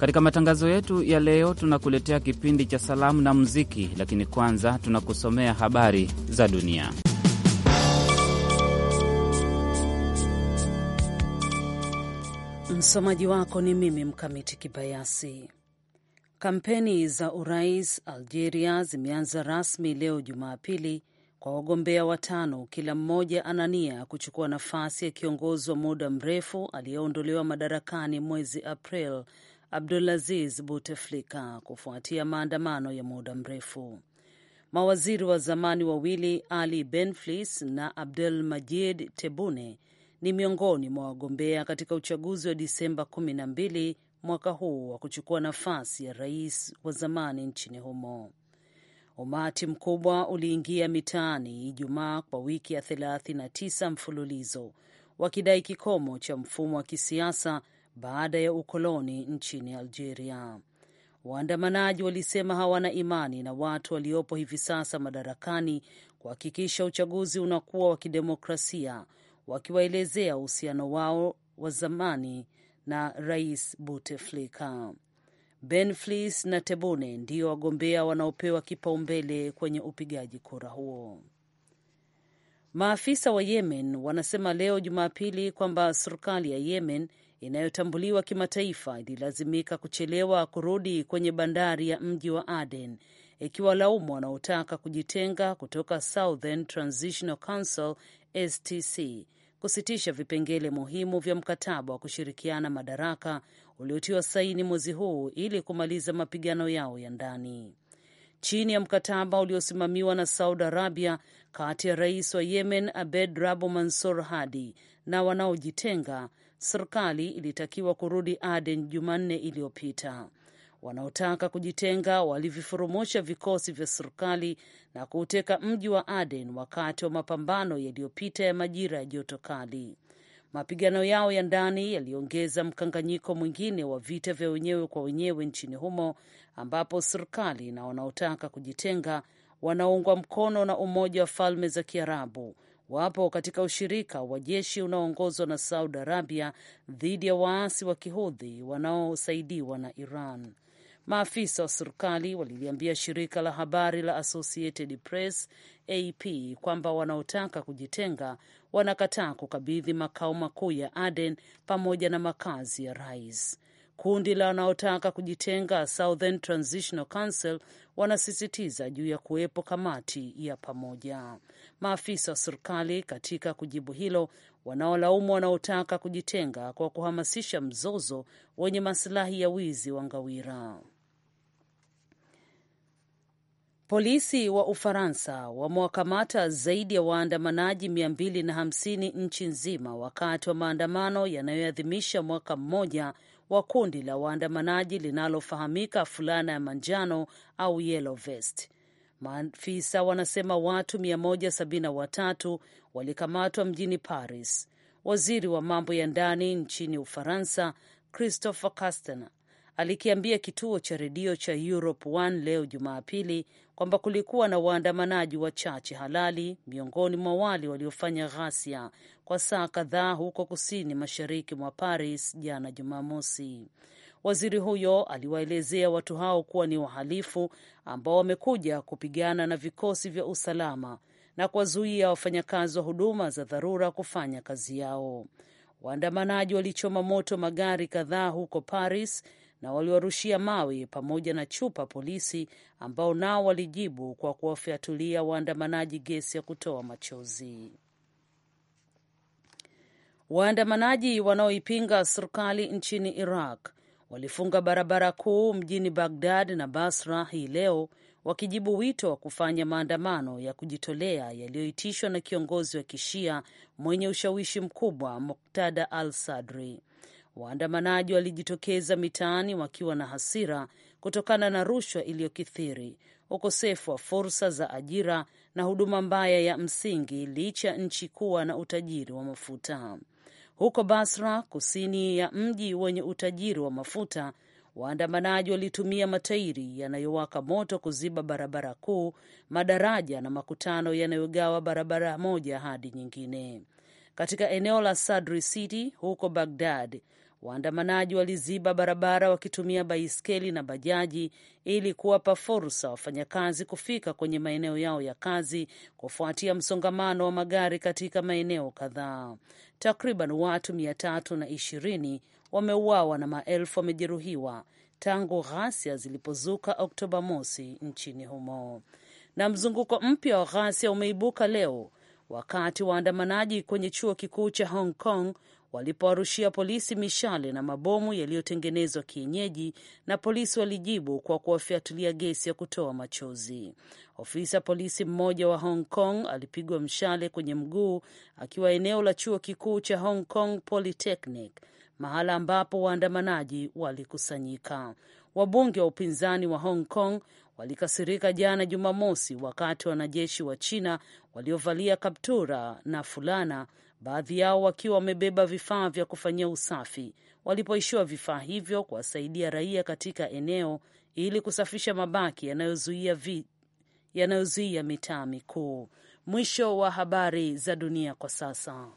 Katika matangazo yetu ya leo, tunakuletea kipindi cha salamu na muziki, lakini kwanza tunakusomea habari za dunia. Msomaji wako ni mimi Mkamiti Kibayasi. Kampeni za urais Algeria zimeanza rasmi leo Jumapili kwa wagombea watano, kila mmoja ana nia ya kuchukua nafasi ya kiongozi wa muda mrefu aliyeondolewa madarakani mwezi April Abdulaziz Buteflika kufuatia maandamano ya muda mrefu. Mawaziri wa zamani wawili Ali Benflis na abdul Majid Tebune ni miongoni mwa wagombea katika uchaguzi wa Disemba 12 mwaka huu wa kuchukua nafasi ya rais wa zamani nchini humo. Umati mkubwa uliingia mitaani Ijumaa kwa wiki ya 39 mfululizo wakidai kikomo cha mfumo wa kisiasa baada ya ukoloni nchini Algeria. Waandamanaji walisema hawana imani na watu waliopo hivi sasa madarakani kuhakikisha uchaguzi unakuwa wa kidemokrasia, wakiwaelezea uhusiano wao wa zamani na Rais Bouteflika. Benflis na tebune ndio wagombea wanaopewa kipaumbele kwenye upigaji kura huo. Maafisa wa Yemen wanasema leo Jumapili kwamba serikali ya Yemen inayotambuliwa kimataifa ililazimika kuchelewa kurudi kwenye bandari ya mji wa Aden ikiwalaumu wanaotaka kujitenga kutoka Southern Transitional Council STC kusitisha vipengele muhimu vya mkataba wa kushirikiana madaraka uliotiwa saini mwezi huu ili kumaliza mapigano yao ya ndani. Chini ya mkataba uliosimamiwa na Saudi Arabia kati ya rais wa Yemen Abed Rabu Mansur Hadi na wanaojitenga, serikali ilitakiwa kurudi Aden Jumanne iliyopita. Wanaotaka kujitenga walivifurumusha vikosi vya serikali na kuuteka mji wa Aden wakati wa mapambano yaliyopita ya majira ya joto kali. Mapigano yao ya ndani yaliongeza mkanganyiko mwingine wa vita vya wenyewe kwa wenyewe nchini humo, ambapo serikali na wanaotaka kujitenga wanaungwa mkono na Umoja wa Falme za Kiarabu wapo katika ushirika wa jeshi unaoongozwa na Saudi Arabia dhidi ya waasi wa kihudhi wanaosaidiwa na Iran. Maafisa wa serikali waliliambia shirika la habari la Associated Press AP kwamba wanaotaka kujitenga wanakataa kukabidhi makao makuu ya Aden pamoja na makazi ya rais. Kundi la wanaotaka kujitenga Southern Transitional Council wanasisitiza juu ya kuwepo kamati ya pamoja. Maafisa wa serikali katika kujibu hilo wanaolaumu wanaotaka kujitenga kwa kuhamasisha mzozo wenye masilahi ya wizi wa ngawira. Polisi wa Ufaransa wamewakamata zaidi ya waandamanaji 250 nchi nzima wakati wa maandamano yanayoadhimisha mwaka mmoja wa kundi la waandamanaji linalofahamika fulana ya manjano au yellow vest. Maafisa wanasema watu 173 walikamatwa mjini Paris. Waziri wa mambo ya ndani nchini Ufaransa Christopher Castaner alikiambia kituo cha redio cha Europe One leo Jumapili kwamba kulikuwa na waandamanaji wachache halali miongoni mwa wale waliofanya ghasia kwa saa kadhaa huko kusini mashariki mwa Paris jana Jumamosi. Waziri huyo aliwaelezea watu hao kuwa ni wahalifu ambao wamekuja kupigana na vikosi vya usalama na kuwazuia wafanyakazi wa huduma za dharura kufanya kazi yao. Waandamanaji walichoma moto magari kadhaa huko Paris na waliwarushia mawe pamoja na chupa polisi ambao nao walijibu kwa kuwafyatulia waandamanaji gesi ya kutoa machozi. Waandamanaji wanaoipinga serikali nchini Iraq walifunga barabara kuu mjini Bagdad na Basra hii leo wakijibu wito wa kufanya maandamano ya kujitolea yaliyoitishwa na kiongozi wa kishia mwenye ushawishi mkubwa Muktada Al Sadri. Waandamanaji walijitokeza mitaani wakiwa na hasira kutokana na rushwa iliyokithiri, ukosefu wa fursa za ajira na huduma mbaya ya msingi, licha ya nchi kuwa na utajiri wa mafuta. Huko Basra, kusini ya mji wenye utajiri wa mafuta, waandamanaji walitumia matairi yanayowaka moto kuziba barabara kuu, madaraja na makutano yanayogawa barabara moja hadi nyingine. Katika eneo la Sadri City huko Bagdad, Waandamanaji waliziba barabara wakitumia baiskeli na bajaji ili kuwapa fursa wafanyakazi kufika kwenye maeneo yao ya kazi kufuatia msongamano wa magari katika maeneo kadhaa. Takriban watu mia tatu na ishirini wameuawa na maelfu wamejeruhiwa tangu ghasia zilipozuka Oktoba mosi nchini humo. Na mzunguko mpya wa ghasia umeibuka leo wakati waandamanaji kwenye chuo kikuu cha Hong Kong walipowarushia polisi mishale na mabomu yaliyotengenezwa kienyeji, na polisi walijibu kwa kuwafyatulia gesi ya kutoa machozi. Ofisa polisi mmoja wa Hong Kong alipigwa mshale kwenye mguu akiwa eneo la chuo kikuu cha Hong Kong Polytechnic, mahala ambapo waandamanaji walikusanyika. Wabunge wa upinzani wa Hong Kong walikasirika jana Jumamosi wakati wanajeshi wa China waliovalia kaptura na fulana baadhi yao wakiwa wamebeba vifaa vya kufanyia usafi walipoishiwa vifaa hivyo, kuwasaidia raia katika eneo ili kusafisha mabaki yanayozuia vi... yanayozuia mitaa mikuu. Mwisho wa habari za dunia kwa sasa.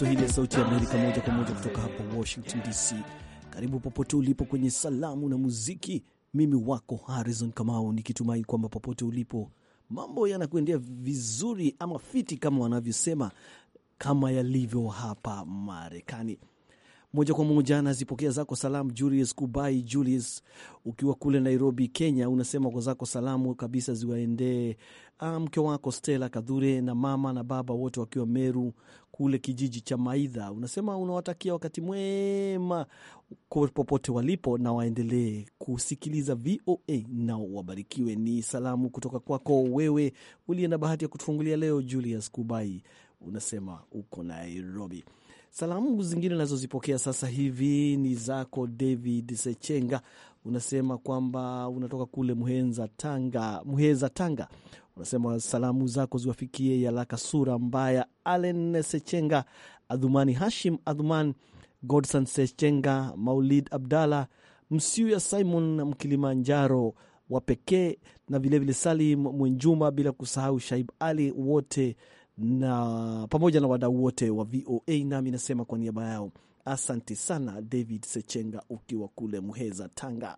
Kiswahili ya Sauti ya Amerika moja kwa moja kutoka hapa Washington DC. Karibu popote ulipo kwenye salamu na muziki. Mimi wako Harrison Kamau, nikitumai kwamba popote ulipo mambo yanakuendea vizuri ama fiti, kama wanavyosema, kama yalivyo hapa Marekani. Moja kwa moja nazipokea zako salamu, Julius Kubai. Julius, ukiwa kule Nairobi, Kenya, unasema kwa zako salamu kabisa ziwaendee ah, mke wako Stella Kadhure na mama na baba wote wakiwa Meru kule kijiji cha Maidha. Unasema unawatakia wakati mwema popote walipo, na waendelee kusikiliza VOA na wabarikiwe. Ni salamu kutoka kwako wewe uliye na bahati ya kutufungulia leo, Julius Kubai, unasema uko Nairobi. Salamu zingine nazozipokea sasa hivi ni zako David Sechenga, unasema kwamba unatoka kule Muheza, Tanga. Muheza, Tanga, unasema salamu zako ziwafikie Yalaka Sura Mbaya, Alen Sechenga, Adhumani Hashim Adhuman, Godson Sechenga, Maulid msiu Msiuya, Simon Mkilimanjaro wa pekee na vilevile Salim Mwenjuma, bila kusahau Shaib Ali, wote na pamoja na wadau wote wa VOA, nami nasema kwa niaba yao asante sana, David Sechenga, ukiwa kule Muheza, Tanga.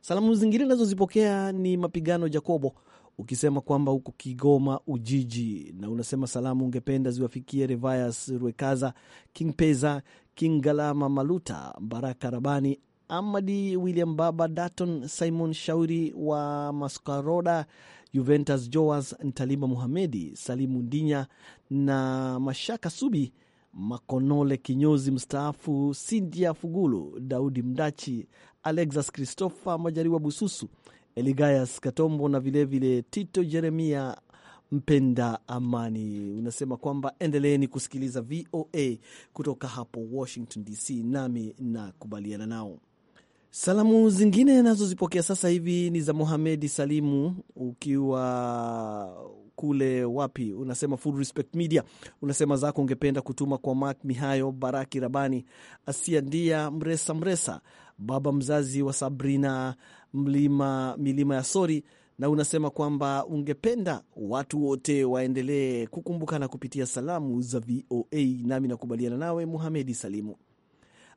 Salamu zingine nazozipokea ni mapigano Jacobo, ukisema kwamba huko Kigoma Ujiji, na unasema salamu ungependa ziwafikie Revias ruekaza King Peza, King Galama Maluta, Baraka Rabani, Amadi William, Baba Daton, Simon Shauri wa Maskaroda Juventus Joas Ntalima, Muhamedi Salimu Ndinya na Mashaka Subi Makonole, kinyozi mstaafu Sindia Fugulu, Daudi Mdachi, Alexas Christopher Majariwa Bususu, Eligayas Katombo na vilevile vile Tito Jeremia Mpenda Amani. Unasema kwamba endeleeni kusikiliza VOA kutoka hapo Washington DC, nami nakubaliana nao. Salamu zingine nazozipokea sasa hivi ni za muhamedi Salimu, ukiwa kule wapi unasema Full Respect Media, unasema zako ungependa kutuma kwa Mark Mihayo, Baraki Rabani, Asia Ndia, Mresa Mresa, baba mzazi wa Sabrina mlima milima ya Sori, na unasema kwamba ungependa watu wote waendelee kukumbukana kupitia salamu za VOA. Nami nakubaliana nawe Muhamedi Salimu.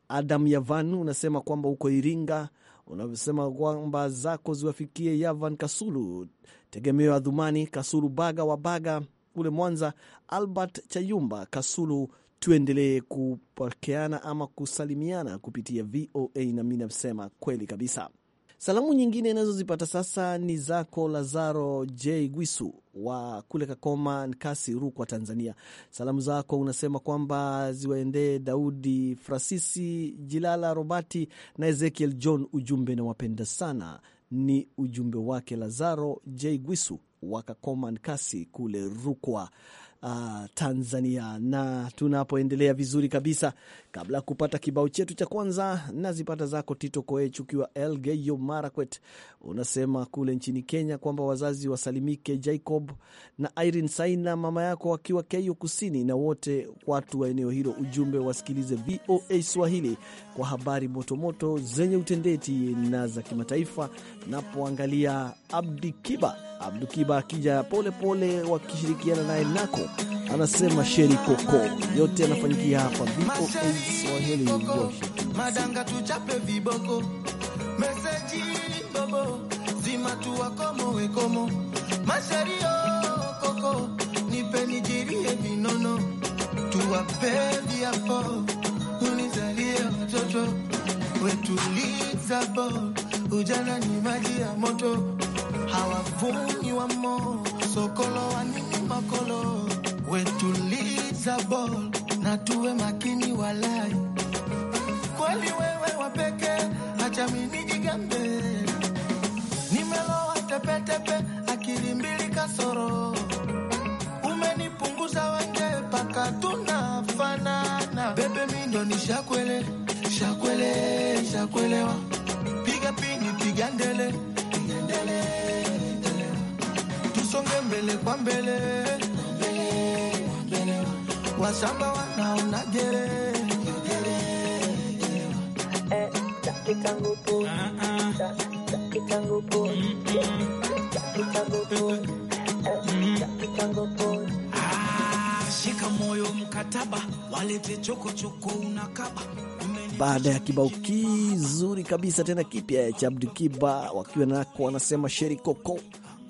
Adam Yavan unasema kwamba uko Iringa, unavyosema kwamba zako ziwafikie Yavan Kasulu, Tegemeo Adhumani Kasulu, Baga wa Baga kule Mwanza, Albert Chayumba Kasulu. Tuendelee kupokeana ama kusalimiana kupitia VOA nami nasema kweli kabisa. Salamu nyingine inazozipata sasa ni zako Lazaro J Gwisu wa kule Kakoma, Nkasi, Rukwa, Tanzania. Salamu zako unasema kwamba ziwaendee Daudi Frasisi, Jilala Robati na Ezekiel John. Ujumbe na wapenda sana, ni ujumbe wake Lazaro J Gwisu wa Kakoma, Nkasi kule Rukwa uh, Tanzania. Na tunapoendelea vizuri kabisa, kabla ya kupata kibao chetu cha kwanza, nazipata zako Tito Koech ukiwa Elgeyo Marakwet, unasema kule nchini Kenya kwamba wazazi wasalimike Jacob na Irene Saina, mama yako wakiwa Keyo Kusini, na wote watu wa eneo hilo. Ujumbe wasikilize VOA Swahili kwa habari motomoto zenye utendeti na za kimataifa. Napoangalia Abdikiba Abdukiba akija polepole wakishirikiana naye nako anasema Sheri Koko. Yote yanafanyikia hapa VOA Swahili, Madanga tuchape viboko meseji bobo zima tuwakomo wekomo masherio koko nipe nijirie vinono tuwape viapo unizalie watoto wetuliza bo ujana ni maji ya moto hawavuni wamo sokolo wanini makolo wetuliza bol na tuwe makini walai, kweli wewe wapeke, acha mimi nijigambe, nimeloa tepetepe, akili mbili kasoro, umenipunguza wenge paka tunafanana, bebe mi ndo nishakwele shakwele shakwelewa, piga pini piga ndele tusonge mbele kwa mbele washamba wanaona jere Shika moyo mkataba, walete chokochoko unakaba. Baada ya kibao kizuri kabisa tena kipya cha Abdukiba wakiwa nako wanasema sheri koko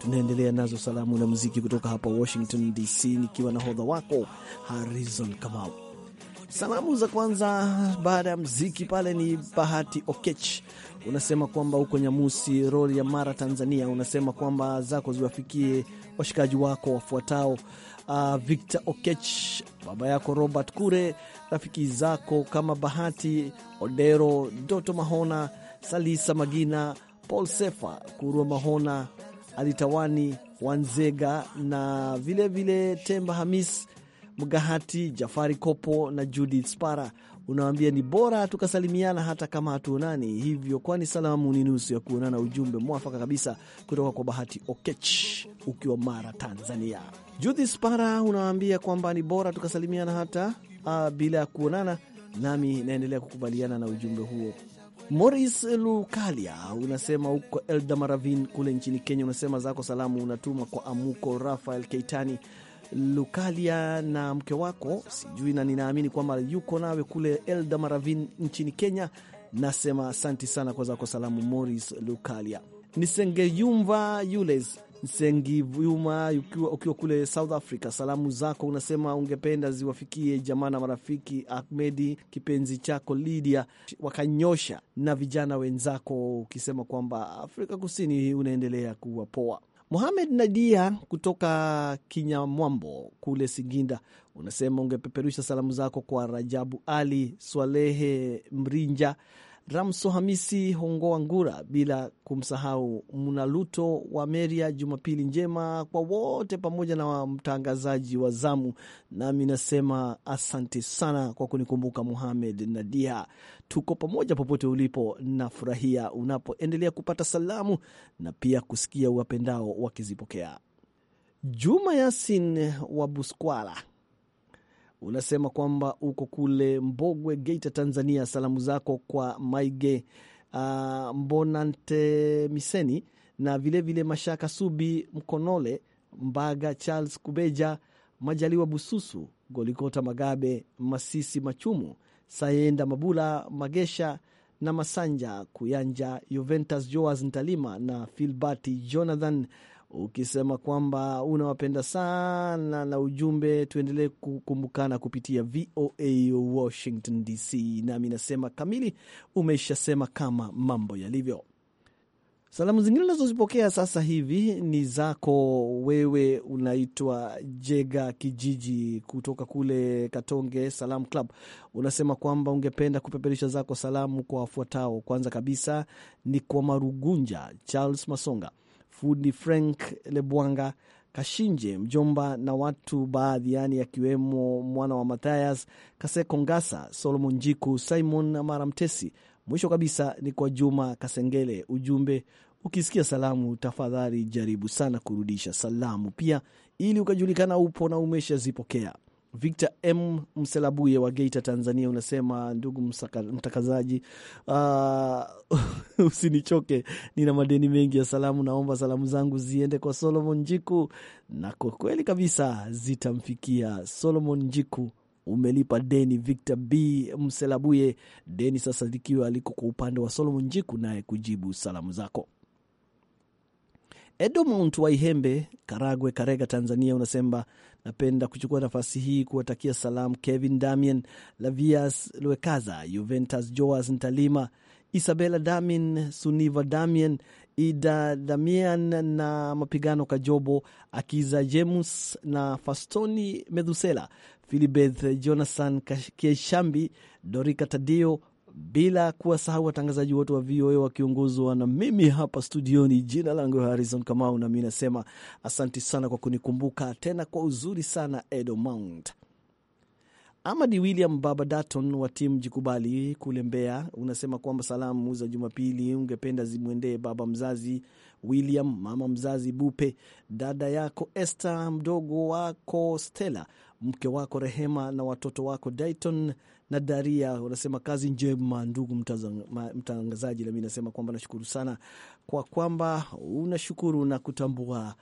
Tunaendelea nazo salamu na muziki kutoka hapa Washington DC, nikiwa na hodha wako Harizon Kamau. Salamu za kwanza baada ya mziki pale ni Bahati Okech. Unasema kwamba huko Nyamusi rol ya Mara, Tanzania. Unasema kwamba zako ziwafikie washikaji wako wafuatao: uh, Victor Okech, baba yako Robert Kure, rafiki zako kama Bahati Odero, Doto Mahona, Salisa Magina, Paul Sefa, Kurua Mahona, Alitawani Wanzega na vilevile vile Temba Hamis Mgahati, Jafari Kopo na Judith Spara. Unawambia ni bora tukasalimiana hata kama hatuonani hivyo, kwani salamu ni nusu ya kuonana. Ujumbe mwafaka kabisa kutoka kwa Bahati Okech ukiwa Mara, Tanzania. Judith Spara unawambia kwamba ni bora tukasalimiana hata uh, bila ya kuonana, nami naendelea kukubaliana na ujumbe huo Moris Lukalia unasema uko maravin kule nchini Kenya, unasema zako salamu unatuma kwa Amuko Rafael Keitani Lukalia na mke wako sijui, na ninaamini kwamba yuko nawe kule elda maravin nchini Kenya. Nasema asanti sana kwa zako salamu, Moris Lukalia. Nisengeyumva Yules Vyuma ukiwa, ukiwa kule South Africa, salamu zako unasema ungependa ziwafikie jamaa na marafiki, Ahmedi kipenzi chako Lydia wakanyosha na vijana wenzako, ukisema kwamba Afrika Kusini unaendelea kuwa poa. Mohamed Nadia kutoka Kinyamwambo kule Singinda unasema ungepeperusha salamu zako kwa Rajabu Ali Swalehe Mrinja Ramso Hamisi Hongoa Ngura, bila kumsahau Mnaluto wa Meria. Jumapili njema kwa wote, pamoja na mtangazaji wa zamu, nami nasema asante sana kwa kunikumbuka. Muhamed Nadia, tuko pamoja popote ulipo, nafurahia unapoendelea kupata salamu na pia kusikia uwapendao wakizipokea. Juma Yasin wa Buskwala unasema kwamba uko kule Mbogwe, Geita, Tanzania. Salamu zako kwa Maige uh, Mbonante Miseni na vilevile vile Mashaka Subi Mkonole Mbaga, Charles Kubeja, Majaliwa Bususu, Golikota Magabe, Masisi Machumu, Sayenda Mabula, Magesha na Masanja Kuyanja, Juventus Joas Ntalima na Filbati Jonathan ukisema kwamba unawapenda sana na ujumbe, tuendelee kukumbukana kupitia VOA Washington DC. Nami nasema kamili, umeshasema kama mambo yalivyo. Salamu zingine unazozipokea sasa hivi ni zako wewe, unaitwa Jega Kijiji kutoka kule Katonge Salam Club. Unasema kwamba ungependa kupeperisha zako salamu kwa wafuatao. Kwanza kabisa ni kwa Marugunja Charles Masonga fundi Frank Lebwanga Kashinje mjomba na watu baadhi yani, akiwemo mwana wa Mathias Kaseko Ngasa, Solomon Jiku, Simon Maramtesi. Mwisho kabisa ni kwa Juma Kasengele. Ujumbe, ukisikia salamu tafadhali jaribu sana kurudisha salamu pia, ili ukajulikana upo na umeshazipokea. Victor M Mselabuye wa Geita, Tanzania, unasema ndugu mtangazaji, uh, ah, usinichoke, nina madeni mengi ya salamu. Naomba salamu zangu ziende kwa Solomon Njiku, na kwa kweli kabisa zitamfikia Solomon Njiku. Umelipa deni Victor B Mselabuye, deni sasa likiwa aliko kwa upande wa Solomon Njiku, naye kujibu salamu zako. Edomont Waihembe, Karagwe, Karega, Tanzania, unasema Napenda kuchukua nafasi hii kuwatakia salamu Kevin Damien, Lavias Lwekaza, Juventus Joas Ntalima, Isabela Damin, Suniva Damien, Ida Damian na Mapigano Kajobo, Akiza James na Fastoni Medhusela, Filibeth Jonathan Kieshambi, Dorika Tadio bila kuwasahau watangazaji wote wa VOA wakiongozwa na mimi hapa studioni. Jina langu Harrison Kamau, nami nasema asanti sana kwa kunikumbuka tena kwa uzuri sana Edomount. Amadi William Baba Daton wa timu Jikubali kule Mbeya unasema kwamba salamu za Jumapili ungependa zimwendee baba mzazi William, mama mzazi Bupe, dada yako Esther, mdogo wako Stella, mke wako Rehema na watoto wako Dayton na Daria wanasema kazi njema, ndugu mtangazaji. Nami nasema kwamba nashukuru sana kwa kwamba unashukuru na kutambua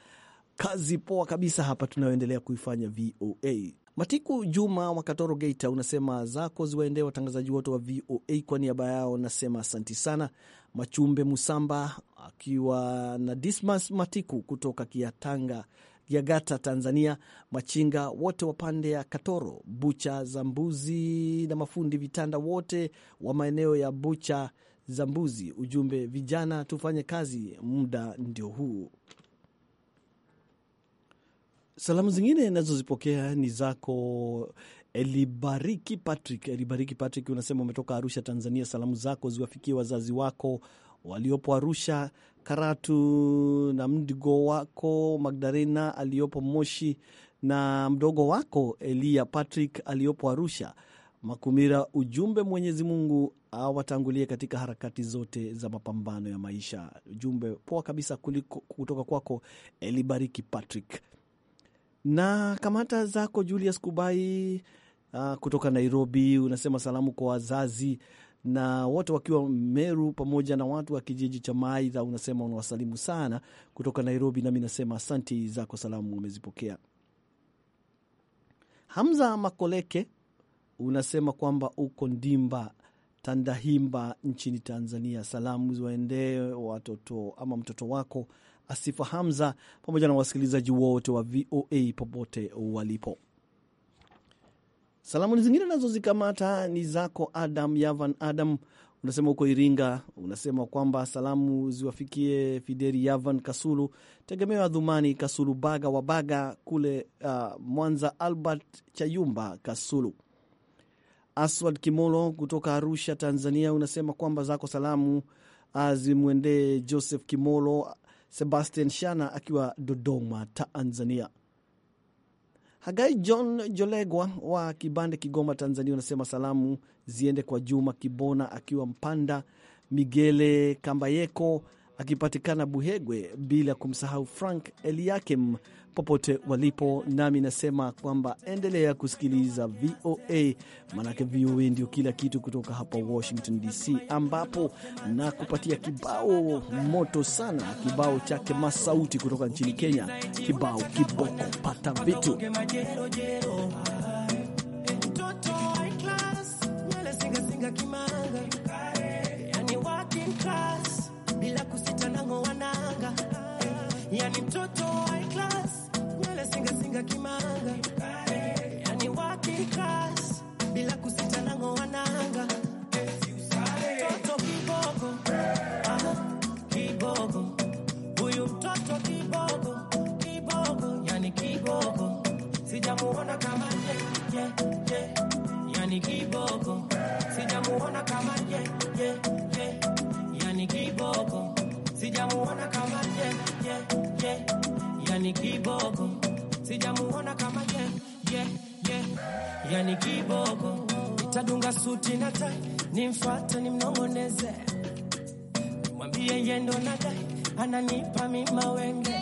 kazi poa kabisa hapa tunayoendelea kuifanya VOA. Matiku Juma wa Katoro, Geita, unasema zako ziwaendee watangazaji wote wa VOA. Kwa niaba yao nasema asanti sana. Machumbe Musamba akiwa na Dismas Matiku kutoka Kiatanga Yagata, Tanzania, machinga wote wa pande ya Katoro, bucha za mbuzi na mafundi vitanda wote wa maeneo ya bucha za mbuzi. Ujumbe: vijana tufanye kazi, muda ndio huu. Salamu zingine nazozipokea ni zako Elibariki Patrick. Elibariki Patrick, unasema umetoka Arusha, Tanzania. Salamu zako ziwafikie wazazi wako waliopo Arusha Karatu na mdigo wako Magdalena aliyopo Moshi na mdogo wako Eliya Patrick aliyopo Arusha. Makumira, ujumbe Mwenyezi Mungu awatangulie katika harakati zote za mapambano ya maisha. Ujumbe poa kabisa kuliko, kutoka kwako Elibariki Patrick na kamata zako Julius Kubai uh, kutoka Nairobi. Unasema salamu kwa wazazi na wote wakiwa Meru pamoja na watu wa kijiji cha Maidha. Unasema unawasalimu sana kutoka Nairobi, nami nasema asanti zako salamu umezipokea. Hamza Makoleke unasema kwamba uko Ndimba Tandahimba nchini Tanzania. Salamu ziwaendee watoto ama mtoto wako Asifa Hamza pamoja na wasikilizaji wote wa VOA popote walipo. Salamu zingine nazo zikamata ni zako Adam Yavan Adam, unasema huko Iringa, unasema kwamba salamu ziwafikie Fideri Yavan Kasulu, Tegemewa Dhumani Kasulu, Baga wa Baga kule uh, Mwanza, Albert Chayumba Kasulu, Aswad Kimolo kutoka Arusha, Tanzania, unasema kwamba zako salamu uh, zimwendee Joseph Kimolo, Sebastian Shana akiwa Dodoma, Tanzania. Hagai John Jolegwa wa Kibande, Kigoma, Tanzania, unasema salamu ziende kwa Juma Kibona akiwa Mpanda, Migele Kambayeko akipatikana Buhegwe, bila kumsahau Frank Eliakim popote walipo, nami nasema kwamba endelea kusikiliza VOA, maanake VOA ndio kila kitu kutoka hapa Washington DC, ambapo na kupatia kibao moto sana, kibao chake Masauti kutoka nchini Kenya, kibao kiboko pata vitu kimanga kimanga, yani wakikas bila kusita nango wananga toto kibogo, aha, kibogo huyu mtoto kibogo kibogo, yani kibogo sijamuona kama ye ye ye, yani kibogo sijamuona kama ye ye ye, yani kibogo sijamuona kama ye ye ye, yani kibogo sijamuona kama ye ye ye, Yani kiboko itadunga suti na tai, nimfata nimnongoneze mwambie yendo nadai ananipa mimawenge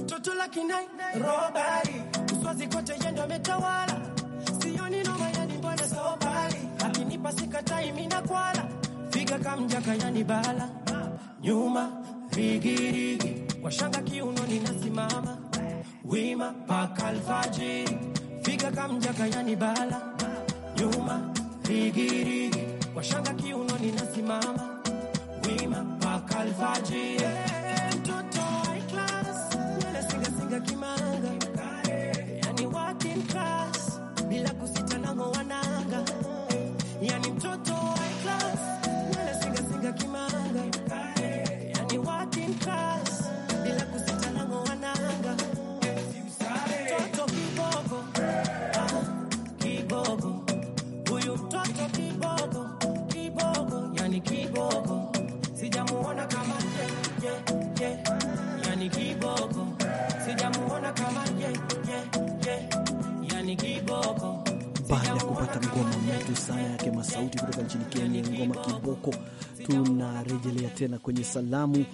mtoto lakinai robari uswazi kote yendo ametawala sioni noma yani mbona sobari akinipa sikatai mina kwala figa kamjaka yani bala nyuma rigirigi washanga kiunoni nasimama wima paka alfajiri, figa kamjaka yani bala nyuma rigirigi kwa shanga kiunoni nasimama wima paka alfajiri tena kwenye salamu,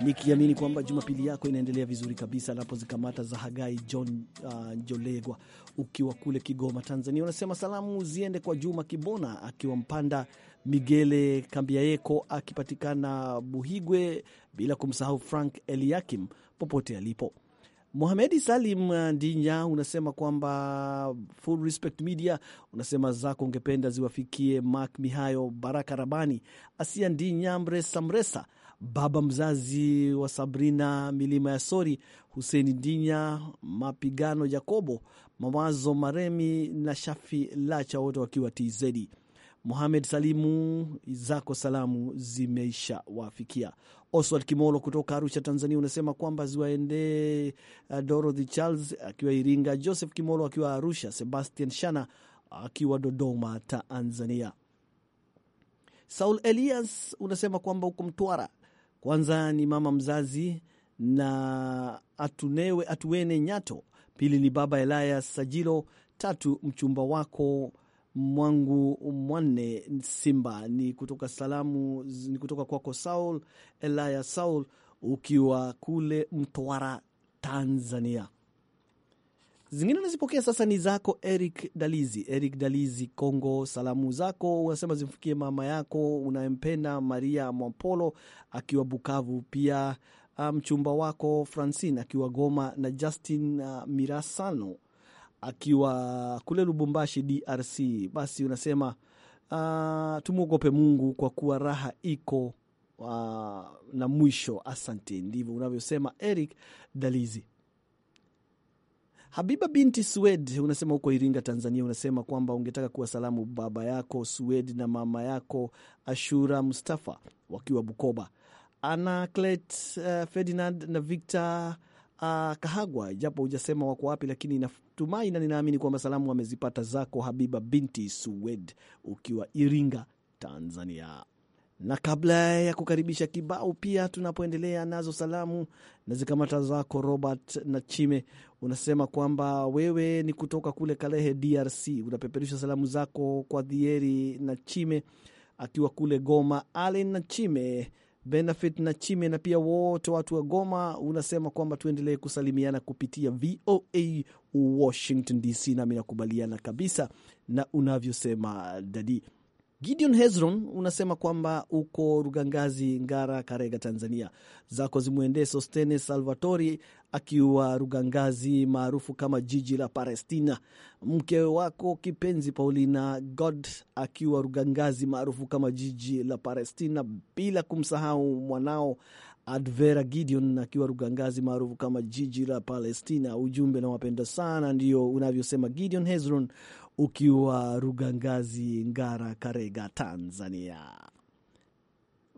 nikiamini kwamba Jumapili yako inaendelea vizuri kabisa. Napozikamata za Hagai John uh, Jolegwa ukiwa kule Kigoma, Tanzania, unasema salamu ziende kwa Juma Kibona akiwa Mpanda, Migele Kambiayeko akipatikana Buhigwe, bila kumsahau Frank Eliakim popote alipo. Muhamedi Salim uh, Ndinya unasema kwamba Full Respect Media unasema zako ungependa ziwafikie Mak Mihayo, Baraka Rabani, Asia Ndinya, Mresa Mresa, baba mzazi wa Sabrina Milima ya Sori, Huseni Ndinya, Mapigano Jakobo, Mawazo Maremi na Shafi Lacha, wote wakiwa TZ muhamed Salimu, zako salamu zimeisha wafikia. Oswald Kimolo kutoka Arusha, Tanzania, unasema kwamba ziwaendee uh, Dorothy Charles akiwa Iringa, Joseph Kimolo akiwa Arusha, Sebastian Shana akiwa Dodoma, Tanzania. Saul Elias unasema kwamba huko Mtwara kwanza ni mama mzazi na atunewe atuene Nyato, pili ni baba Elaya Sajilo, tatu mchumba wako mwangu mwanne Simba ni kutoka salamu ni kutoka kwako Saul Elaya Saul ukiwa kule Mtwara, Tanzania. Zingine nazipokea sasa, ni zako Eric Dalizi, Eric Dalizi Kongo. Salamu zako unasema zimfikie mama yako unayempenda Maria mwapolo akiwa Bukavu, pia ah, mchumba um, wako Francine akiwa Goma na Justin uh, Mirasano akiwa kule Lubumbashi, DRC. Basi unasema uh, tumwogope Mungu kwa kuwa raha iko uh, na mwisho. Asante, ndivyo unavyosema Eric Dalizi. Habiba binti Swed unasema huko Iringa, Tanzania, unasema kwamba ungetaka kuwa salamu baba yako Sued na mama yako Ashura Mustafa wakiwa Bukoba, Anaclet uh, Ferdinand na Victor uh, Kahagwa, japo hujasema wako wapi, lakini natumai na ninaamini kwamba salamu amezipata zako Habiba binti Suwed ukiwa Iringa, Tanzania. Na kabla ya kukaribisha kibao, pia tunapoendelea nazo salamu na zikamata zako Robert na Chime, unasema kwamba wewe ni kutoka kule Kalehe, DRC. Unapeperusha salamu zako kwa Dhieri na Chime akiwa kule Goma, Alen na Chime Benefit na Chime na pia wote watu wa Goma, unasema kwamba tuendelee kusalimiana kupitia VOA Washington DC, nami nakubaliana kabisa na unavyosema Dadi. Gideon Hezron unasema kwamba uko Rugangazi, Ngara, Karega, Tanzania. Zako zimwendee Sostene Salvatori akiwa Rugangazi maarufu kama jiji la Palestina, mke wako kipenzi Paulina God akiwa Rugangazi maarufu kama jiji la Palestina, bila kumsahau mwanao Advera Gideon akiwa Rugangazi maarufu kama jiji la Palestina. Ujumbe nawapenda sana, ndio unavyosema Gideon Hezron ukiwa Rugangazi, Ngara, Karega, Tanzania.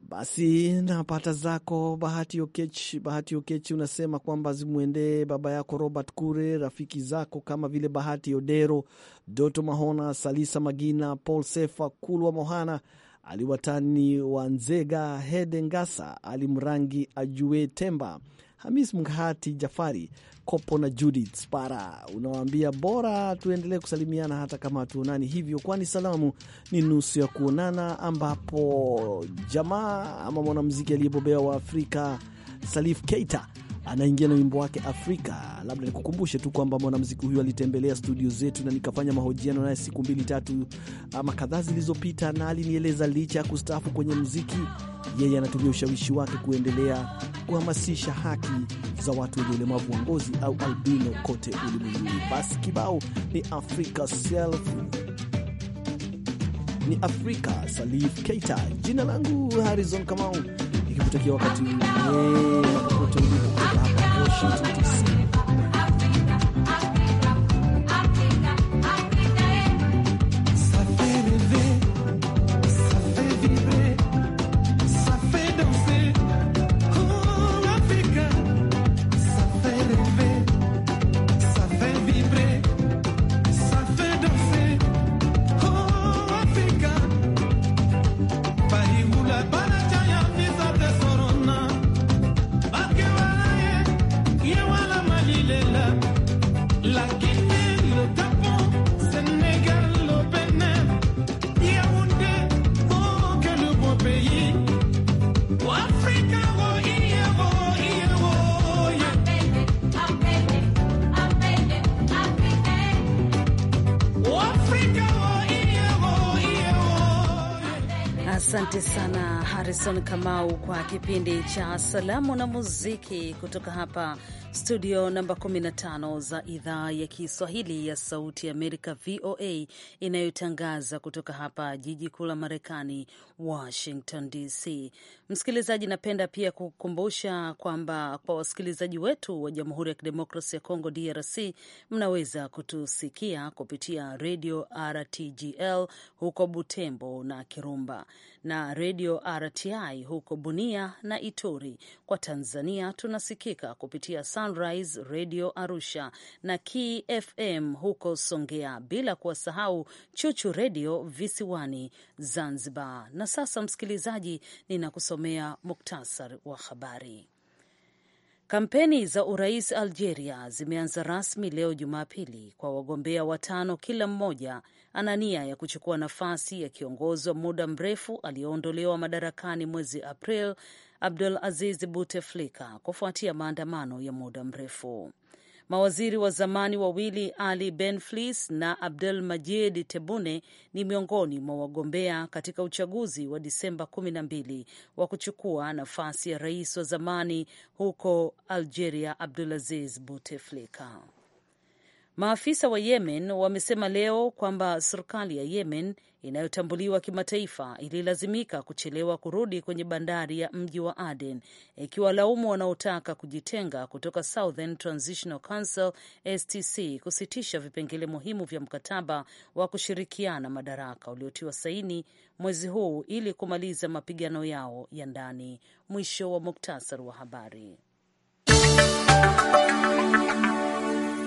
Basi napata zako Bahati Okech. Bahati Okech unasema kwamba zimwendee baba yako Robert Kure, rafiki zako kama vile Bahati Odero, Doto Mahona, Salisa Magina, Paul Sefa, Kulwa Mohana, Aliwatani wa Nzega, Hede Ngasa, Alimrangi Ajue Temba Hamis Mghati, Jafari Kopo na Judith Spara. Unawaambia bora tuendelee kusalimiana hata kama hatuonani hivyo, kwani salamu ni nusu ya kuonana, ambapo jamaa ama mwanamziki aliyebobea wa Afrika Salif Keita anaingia na wimbo wake Afrika. Labda nikukumbushe tu kwamba mwanamuziki huyu alitembelea studio zetu na nikafanya mahojiano naye siku mbili tatu ama ah, kadhaa zilizopita, na alinieleza licha ya kustaafu kwenye muziki, yeye anatumia ushawishi wake kuendelea kuhamasisha haki za watu wenye ulemavu wa ngozi au albino kote ulimwenguni. Basi kibao ni Afrika Self ni Afrika Salif Keita. Jina langu Harrison Kamau. kilichotokea wakati mwingine popote ulipo hapa Washington DC. Asante sana Harrison Kamau kwa kipindi cha salamu na muziki kutoka hapa studio namba 15 za idhaa ya Kiswahili ya Sauti ya Amerika, VOA, inayotangaza kutoka hapa jiji kuu la Marekani, Washington DC. Msikilizaji, napenda pia kukumbusha kwamba kwa wasikilizaji wetu wa Jamhuri ya Kidemokrasi ya Kongo, DRC, mnaweza kutusikia kupitia redio RTGL huko Butembo na Kirumba na redio RTI huko Bunia na Ituri. Kwa Tanzania tunasikika kupitia Sunrise redio Arusha na KFM huko Songea, bila kuwasahau Chuchu redio visiwani Zanzibar. Na sasa, msikilizaji, ninakusomea muktasar wa habari. Kampeni za urais Algeria zimeanza rasmi leo Jumapili kwa wagombea watano, kila mmoja ana nia ya kuchukua nafasi ya kiongozi wa muda mrefu aliyeondolewa madarakani mwezi April Abdul Aziz Buteflika kufuatia maandamano ya muda mrefu. Mawaziri wa zamani wawili Ali Benflis na Abdul Majid Tebune ni miongoni mwa wagombea katika uchaguzi wa Disemba kumi na mbili wa kuchukua nafasi ya rais wa zamani huko Algeria Abdulaziz Buteflika. Maafisa wa Yemen wamesema leo kwamba serikali ya Yemen inayotambuliwa kimataifa ililazimika kuchelewa kurudi kwenye bandari ya mji wa Aden, ikiwalaumu wanaotaka kujitenga kutoka Southern Transitional Council STC kusitisha vipengele muhimu vya mkataba wa kushirikiana madaraka uliotiwa saini mwezi huu ili kumaliza mapigano yao ya ndani. Mwisho wa muktasari wa habari.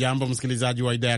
Hujambo msikilizaji wa idhaa